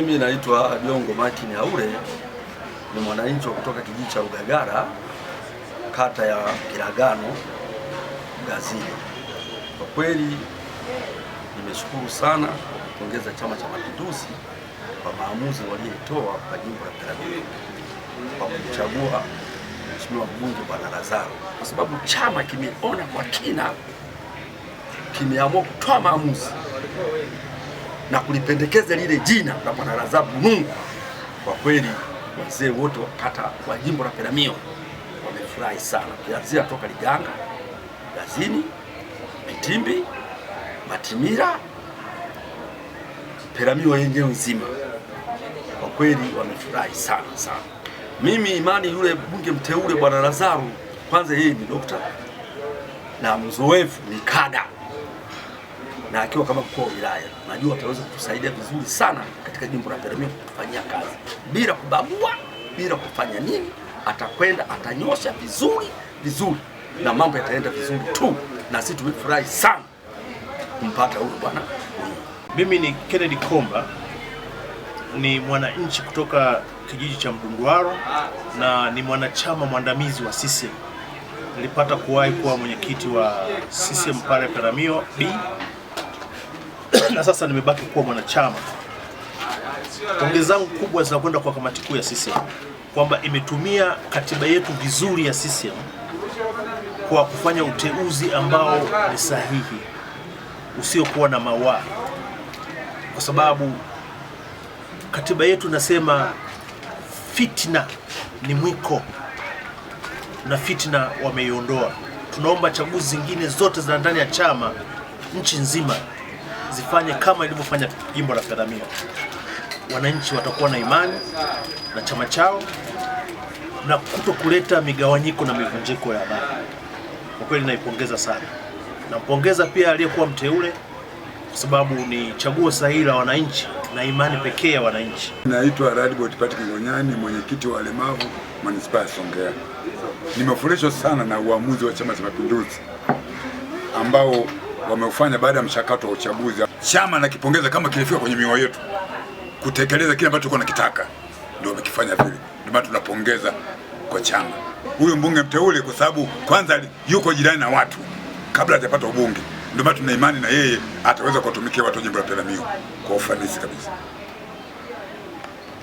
Mimi naitwa Jongo Martin Haule, ni mwananchi wa kutoka kijiji cha ugagara kata ya Kilagano Gazili. Kwa kweli nimeshukuru sana kwa kupongeza Chama cha Mapinduzi kwa maamuzi waliyotoa kwa jimbo la Kilagano kwa kumchagua Mheshimiwa mbunge Bwana Lazaro, kwa sababu chama kimeona kwa kina, kimeamua kutoa maamuzi na kulipendekeza lile jina la Mwanarazabu Mungu. Kwa kweli wazee wote wakata wa jimbo la Peramiho wamefurahi sana, ukianzia toka Liganga, Gazini, Mitimbi, Matimira, Peramiho yenyewe nzima, kwa kweli wamefurahi sana sana. Mimi imani yule bunge mteule bwana Lazaru, kwanza yeye ni dokta na mzoefu, ni kada na akiwa kama mkuu wa wilaya, najua ataweza kutusaidia vizuri sana katika jimbo la Peramiho, kutufanyia kazi bila kubagua, bila kufanya nini. Atakwenda atanyosha vizuri vizuri, na mambo yataenda vizuri tu, na sisi tumefurahi sana kumpata huyu bwana. Mimi ni Kennedy Komba, ni mwananchi kutoka kijiji cha Mdunduaro na ni mwanachama mwandamizi wa CCM. Nilipata kuwahi kuwa mwenyekiti wa CCM pale Peramiho B na sasa nimebaki kuwa mwanachama. Pongezi zangu kubwa zinakwenda kwa kamati kuu ya CCM kwamba imetumia katiba yetu vizuri ya CCM kwa kufanya uteuzi ambao ni sahihi usiokuwa na mawaa, kwa sababu katiba yetu nasema fitna ni mwiko na fitna wameiondoa. Tunaomba chaguzi zingine zote za ndani ya chama nchi nzima zifanye kama ilivyofanya jimbo la Peramiho. Wananchi watakuwa na imani na chama chao na kuto kuleta migawanyiko na mivunjiko ya habari. Kwa kweli naipongeza sana, nampongeza pia aliyekuwa mteule kwa sababu ni chaguo sahihi la wananchi na imani pekee ya wananchi. Naitwa Radbot Patrick Ngonyani, mwenyekiti wa walemavu manispaa ya Songea. Nimefurahishwa sana na uamuzi wa Chama cha Mapinduzi ambao wameufanya baada ya mchakato wa uchaguzi. Chama nakipongeza kama kilifika kwenye mioyo yetu kutekeleza kile ambacho tulikuwa nakitaka, ndio wamekifanya vile. Ndio maana tunapongeza kwa chama huyu mbunge mteule, kwa sababu kwanza yuko jirani na watu kabla hajapata ubunge. Ndio maana tuna imani na yeye ataweza kuwatumikia watu wa jimbo la Peramiho kwa ufanisi kabisa.